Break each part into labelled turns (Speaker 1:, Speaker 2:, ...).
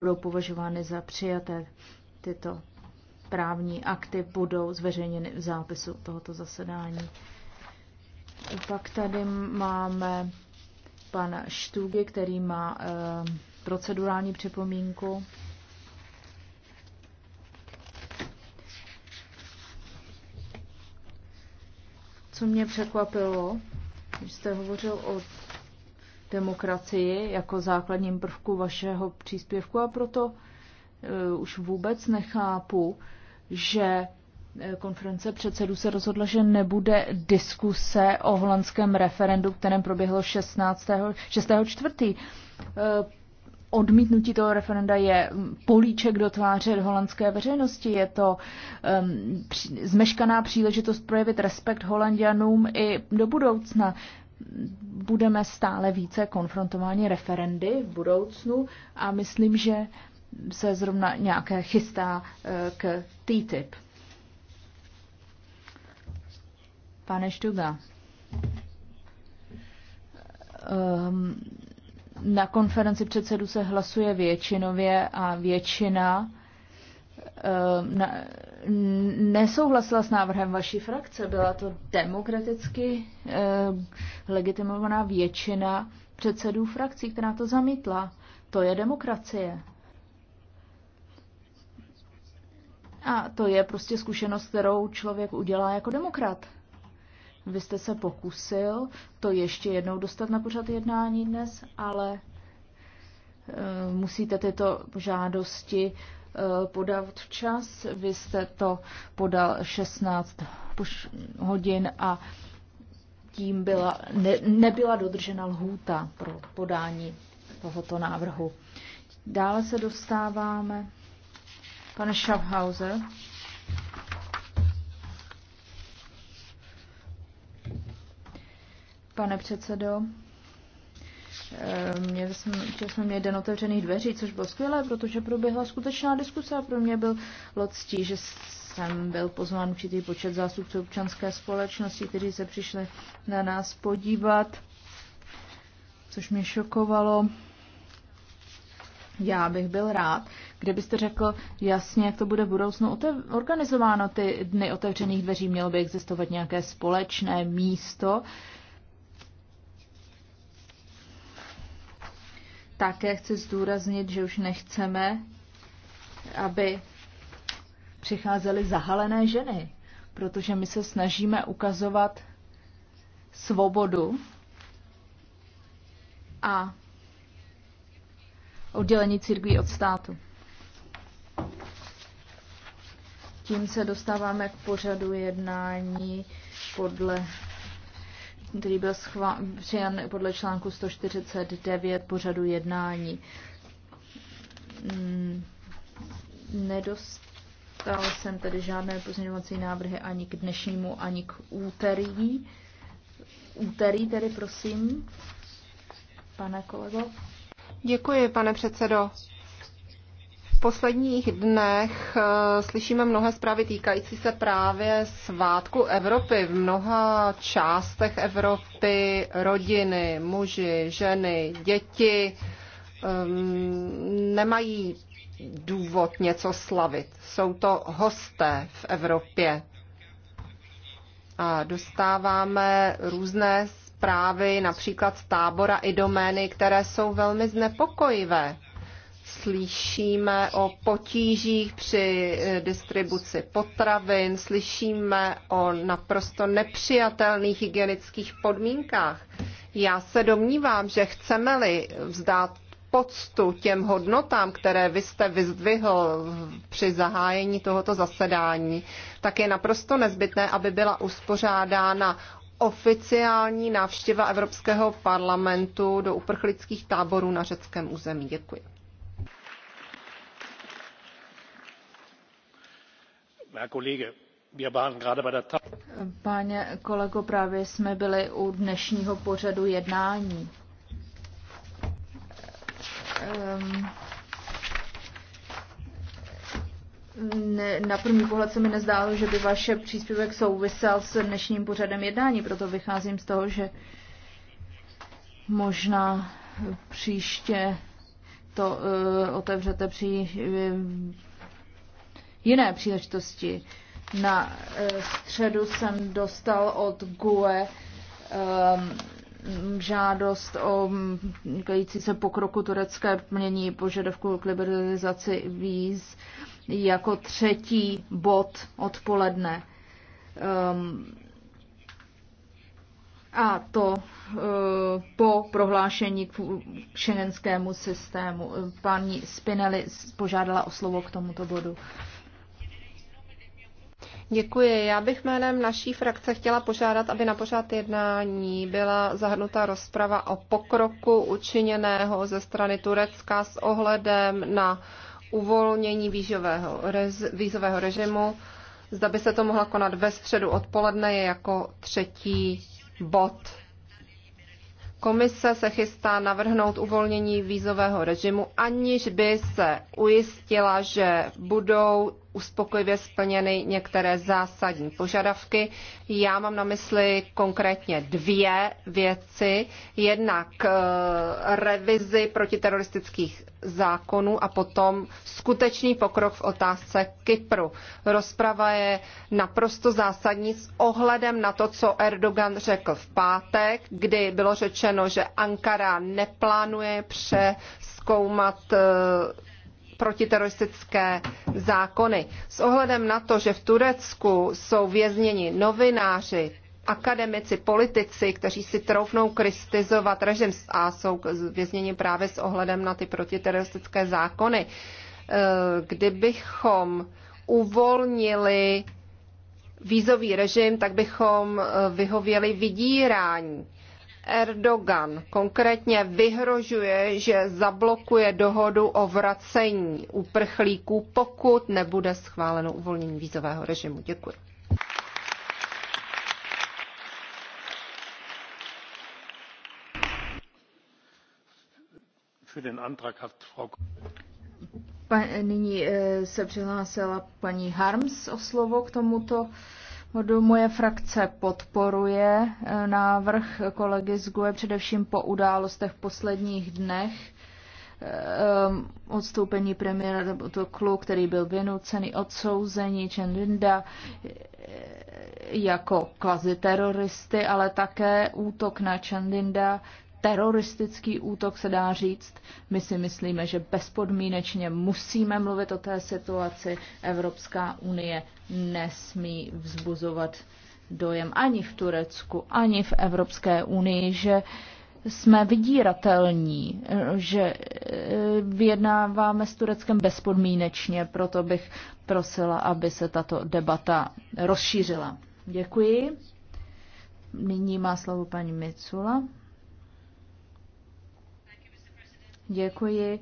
Speaker 1: budou považovány za přijaté. Tyto právní akty budou zveřejněny v zápisu tohoto zasedání. Pak tady máme pana Štugy, který má e, procedurální připomínku. Co mě překvapilo, když jste hovořil o demokracii jako základním prvku vašeho příspěvku a proto e, už vůbec nechápu, že e, konference předsedů se rozhodla, že nebude diskuse o holandském referendu, kterém proběhlo 16. E, odmítnutí toho referenda je políček do tváře holandské veřejnosti. Je to um, zmeškaná příležitost projevit respekt holandianům i do budoucna budeme stále více konfrontováni referendy v budoucnu a myslím, že se zrovna nějaké chystá eh, k TTIP. Pane Štuga, ehm, na konferenci předsedu se hlasuje většinově a většina ehm, nesouhlasila s návrhem vaší frakce. Byla to demokraticky eh, legitimovaná většina předsedů frakcí, která to zamítla. To je demokracie. A to je prostě zkušenost, kterou člověk udělá jako demokrat. Vy jste se pokusil to ještě jednou dostat na pořad jednání dnes, ale eh, musíte tyto žádosti Eh, podat včas. Vy jste to podal 16 hodin a tím byla, ne, nebyla dodržena lhůta pro podání tohoto návrhu. Dále se dostáváme. Pane Schaffhauser. Pane předsedo, Eh, měli jsme, jsme měli den otevřených dveří, což bylo skvělé, protože proběhla skutečná diskuse a pro mě byl loctí, že jsem byl pozván určitý počet zástupců občanské společnosti, kteří se přišli na nás podívat, což mě šokovalo. Já bych byl rád, kdybyste řekl jasně, jak to bude v budoucnu organizováno ty dny otevřených dveří. Mělo by existovat nějaké společné místo, Také chci zdůraznit, že už nechceme, aby přicházely zahalené ženy, protože my se snažíme ukazovat svobodu a oddělení církví od státu. Tím se dostáváme k pořadu jednání podle který byl přijan podle článku 149 pořadu jednání. Mm, nedostal jsem tedy žádné pozměňovací návrhy ani k dnešnímu, ani k úterý. Úterý tedy prosím,
Speaker 2: pane kolego. Děkuji, pane předsedo. V posledních dnech eh, slyšíme mnohé zprávy týkající se právě svátku Evropy. V mnoha částech Evropy rodiny, muži, ženy, děti um, nemají důvod něco slavit. Jsou to hosté v Evropě. A dostáváme různé zprávy, například z tábora i domény, které jsou velmi znepokojivé. Slyšíme o potížích při eh, distribuci potravin, slyšíme o naprosto nepřijatelných hygienických podmínkách. Já se domnívám, že chceme-li vzdát poctu těm hodnotám, které vy jste vyzdvihl při zahájení tohoto zasedání, tak je naprosto nezbytné, aby byla uspořádána oficiální návštěva Evropského parlamentu do uprchlických táborů na řeckém území. Děkuji.
Speaker 1: Páně kolego, právě jsme byli u dnešního pořadu jednání. Ehm, na první pohled se mi nezdálo, že by vaše příspěvek souvisel s dnešním pořadem jednání, proto vycházím z toho, že možná příště to eh, otevřete při eh, jiné příležitosti. Na eh, středu jsem dostal od GUE um, žádost o mm, týkající se pokroku turecké plnění požadavku k liberalizaci víz jako třetí bod odpoledne. Um, a to eh, po prohlášení k šengenskému systému. Paní Spinelli
Speaker 2: požádala o slovo k tomuto bodu. Děkuji. Já bych jménem naší frakce chtěla požádat, aby na pořád jednání byla zahrnuta rozprava o pokroku učiněného ze strany Turecka s ohledem na uvolnění vízového, vízového režimu. Zda by se to mohla konat ve středu odpoledne je jako třetí bod. Komise se chystá navrhnout uvolnění vízového režimu, aniž by se ujistila, že budou uspokojivě splněny některé zásadní požadavky. Já mám na mysli konkrétně dvě věci. Jednak eh, revizi protiteroristických zákonů a potom skutečný pokrok v otázce Kypru. Rozprava je naprosto zásadní s ohledem na to, co Erdogan řekl v pátek, kdy bylo řečeno, že Ankara neplánuje přeskoumat eh, protiteroristické zákony. S ohledem na to, že v Turecku jsou vězněni novináři, akademici, politici, kteří si troufnou kristizovat režim a jsou vězněni právě s ohledem na ty protiteroristické zákony. Eh, kdybychom uvolnili vízový režim, tak bychom eh, vyhověli vydírání. Erdogan konkrétně vyhrožuje, že zablokuje dohodu o vracení uprchlíků, pokud nebude schváleno uvolnění vízového režimu. Děkuji.
Speaker 1: Pa, nyní eh, se přihlásila paní Harms o slovo k tomuto Moje frakce podporuje eh, návrh kolegy z GUE především po událostech v posledních dnech eh, eh, odstoupení premiéra to který byl vynucený odsouzení Čendinda jako kvazi teroristy, ale také útok na Čendinda, teroristický útok, se dá říct. My si myslíme, že bezpodmínečně musíme mluvit o té situaci. Evropská unie nesmí vzbuzovat dojem ani v Turecku, ani v Evropské unii, že jsme vydíratelní, že eh, vyjednáváme s Tureckem bezpodmínečně, proto bych prosila, aby se tato debata rozšířila. Děkuji. Nyní má slovo paní Micula. Děkuji.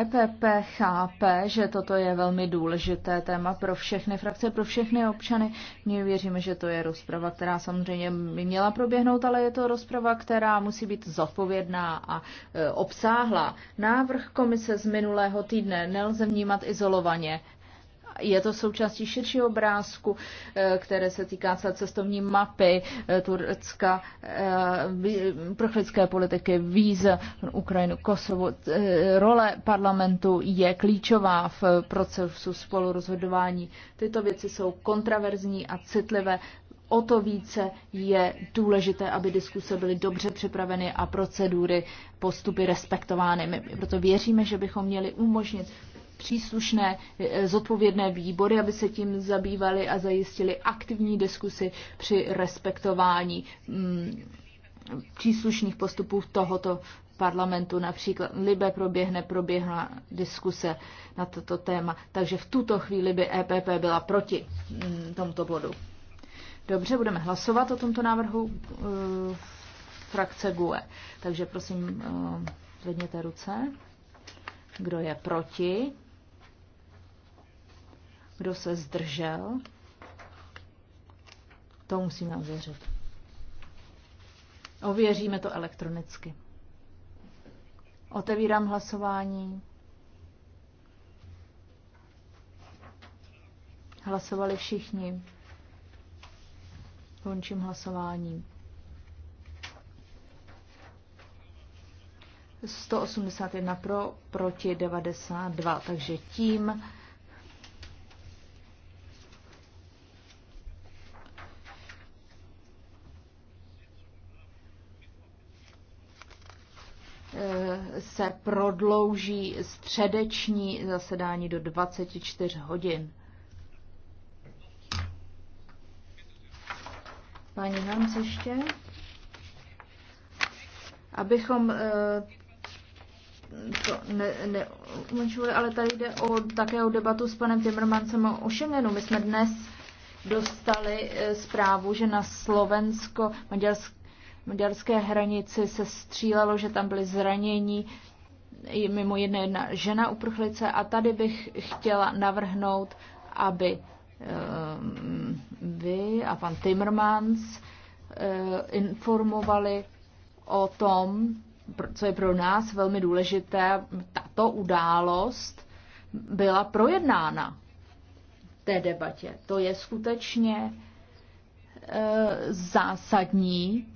Speaker 1: EPP chápe, že toto je velmi důležité téma pro všechny frakce, pro všechny občany. My věříme, že to je rozprava, která samozřejmě by měla proběhnout, ale je to rozprava, která musí být zodpovědná a e, obsáhlá. Návrh komise z minulého týdne nelze vnímat izolovaně je to součástí širšího obrázku, eh, které se týká celé cestovní mapy eh, Turecka, eh, prochlické politiky, víz Ukrajinu, Kosovo. Role parlamentu je klíčová v procesu spolurozhodování. Tyto věci jsou kontraverzní a citlivé. O to více je důležité, aby diskuse byly dobře připraveny a procedury, postupy respektovány. My proto věříme, že bychom měli umožnit příslušné eh, zodpovědné výbory, aby se tím zabývali a zajistili aktivní diskusy při respektování mm, příslušných postupů tohoto parlamentu. Například Libe proběhne, proběhla diskuse na toto téma. Takže v tuto chvíli by EPP byla proti mm, tomto bodu. Dobře, budeme hlasovat o tomto návrhu eh, frakce GUE. Takže prosím, eh, zvedněte ruce. Kdo je proti? Kdo se zdržel? To musíme ověřit. Ověříme to elektronicky. Otevírám hlasování. Hlasovali všichni. Končím hlasování. 181 pro, proti 92. Takže tím se prodlouží středeční zasedání do 24 hodin. Paní Hans ještě. Abychom eh, to ne, ale tady jde o, také o debatu s panem Timmermansem o Schengenu. My jsme dnes dostali eh, zprávu, že na Slovensko, Maďarsko, maďarské hranici se střílelo, že tam byly zranění, mimo jiné jedna žena uprchlice a tady bych chtěla navrhnout, aby ehm, vy a pan Timmermans eh, informovali o tom, co je pro nás velmi důležité, tato událost byla projednána v té debatě. To je skutečně eh, zásadní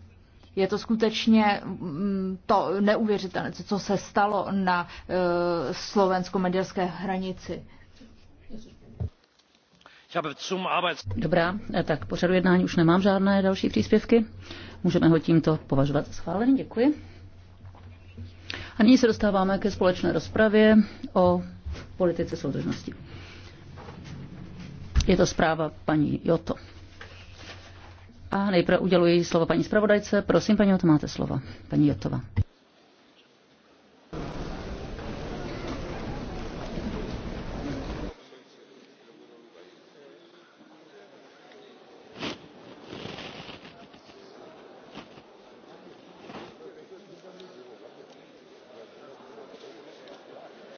Speaker 1: je to skutečně mm, to neuvěřitelné, co se stalo na eh, slovensko-maďarské hranici. Dobrá, tak pořadu jednání už nemám žádné další příspěvky. Můžeme ho tímto považovat za schválený. Děkuji. A nyní se dostáváme ke společné rozpravě o politice soudržnosti. Je to zpráva paní Joto. A nejprve uděluji slovo paní zpravodajce. Prosím,
Speaker 2: paní Jotová, máte slovo. Paní Jotová.